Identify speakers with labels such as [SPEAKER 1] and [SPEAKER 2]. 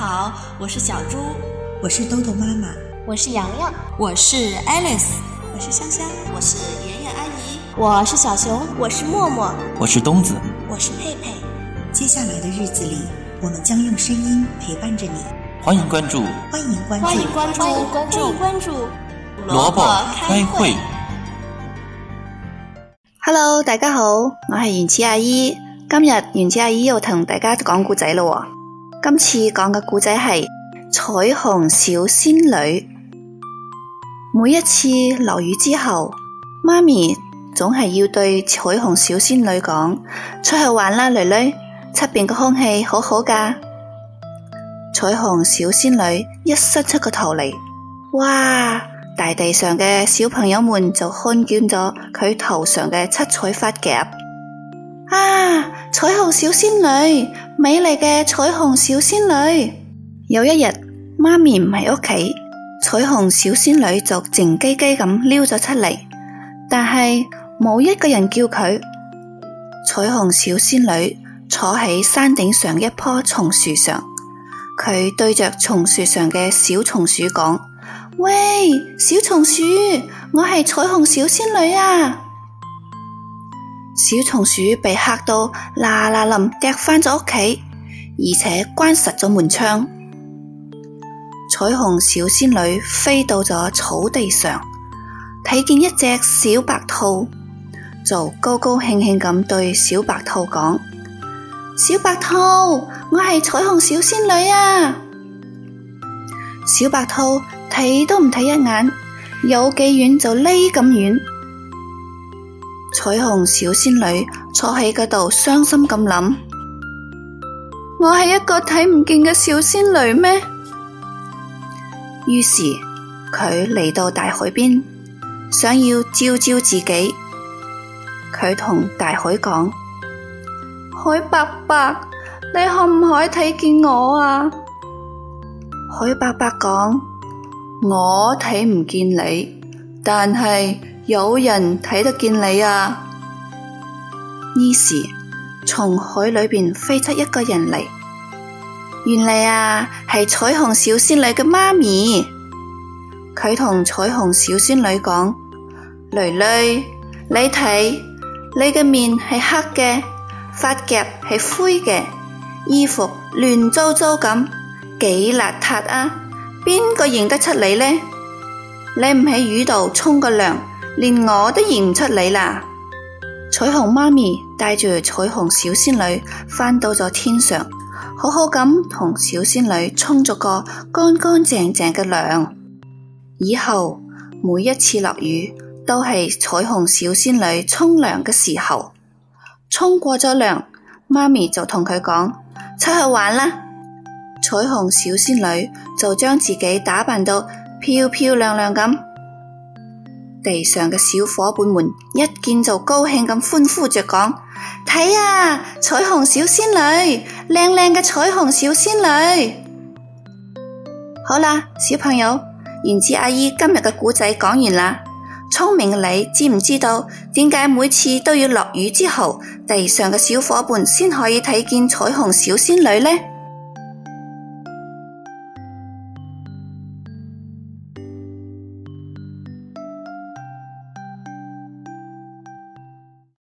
[SPEAKER 1] 好，我是小豬，我是豆豆媽媽，我是洋洋，我是 Alice，我是香香，我是妍妍阿姨，我是小熊，我是默默，我是冬子，我是佩佩。接下來的日子裏，我們將用聲音陪伴着你。歡迎關注，歡迎關注，歡迎關注，歡迎關注。蘿蔔開會。Hello，大家好，我係園子阿姨，今日園子阿姨又同大家講故仔咯。今次講嘅故仔係彩虹小仙女。每一次落雨之後，媽咪總係要對彩虹小仙女講：出去玩啦，蕾蕾！出邊嘅空氣好好噶。彩虹小仙女一伸出個頭嚟，哇！大地上嘅小朋友們就看見咗佢頭上嘅七彩髮夾。啊！彩虹小仙女。美麗嘅彩虹小仙女。有一日，媽咪唔喺屋企，彩虹小仙女就靜雞雞咁溜咗出嚟，但係冇一個人叫佢。彩虹小仙女坐喺山頂上一棵松樹上，佢對着松樹上嘅小松鼠講：喂，小松鼠，我係彩虹小仙女啊！小松鼠被嚇到，嗱嗱冧，趯翻咗屋企，而且關實咗門窗。彩虹小仙女飛到咗草地上，睇見一隻小白兔，就高高興興咁對小白兔講：小白兔，我係彩虹小仙女啊！小白兔睇都唔睇一眼，有幾遠就匿咁遠。彩虹小仙女坐喺嗰度傷心咁諗：我係一個睇唔見嘅小仙女咩？於是佢嚟到大海邊，想要照照自己。佢同大海講：海伯伯，你可唔可以睇見我啊？海伯伯講：我睇唔見你，但係。有人睇得見你啊！呢時從海裏邊飛出一個人嚟，原嚟啊係彩虹小仙女嘅媽咪。佢同彩虹小仙女講：蕾蕾，你睇，你嘅面係黑嘅，髮夾係灰嘅，衣服亂糟糟咁，幾邋遢啊！邊個認得出你呢？你唔喺魚度沖個涼？連我都認唔出你啦！彩虹媽咪帶住彩虹小仙女返到咗天上，好好咁同小仙女沖咗個乾乾淨淨嘅涼。以後每一次落雨都係彩虹小仙女沖涼嘅時候，沖過咗涼，媽咪就同佢講：出去玩啦。彩虹小仙女就將自己打扮到漂漂亮亮咁。地上嘅小伙伴們一見就高興咁歡呼着講：睇啊，彩虹小仙女，靚靚嘅彩虹小仙女！好啦，小朋友，園子阿姨今日嘅故仔講完啦。聰明嘅你知唔知道點解每次都要落雨之後，地上嘅小伙伴先可以睇見彩虹小仙女呢？